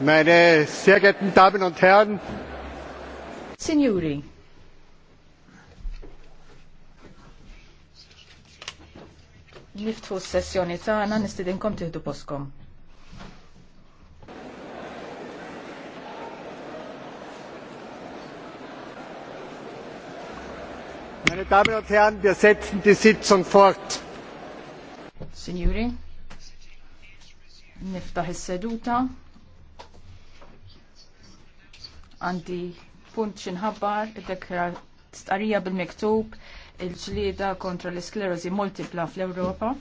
Meine sehr geehrten Damen und Herren, Signori, niftħu s-sessjoni tagħna nistidinkom tieħdu poskom. Meine Damen und Herren, wir setzen die Sitzung fort. Signori, niftaħ is-seduta għandi punt xinħabbar, id-dekra starija bil-miktub il-ġlieda kontra l-isklerozi multipla fl-Europa.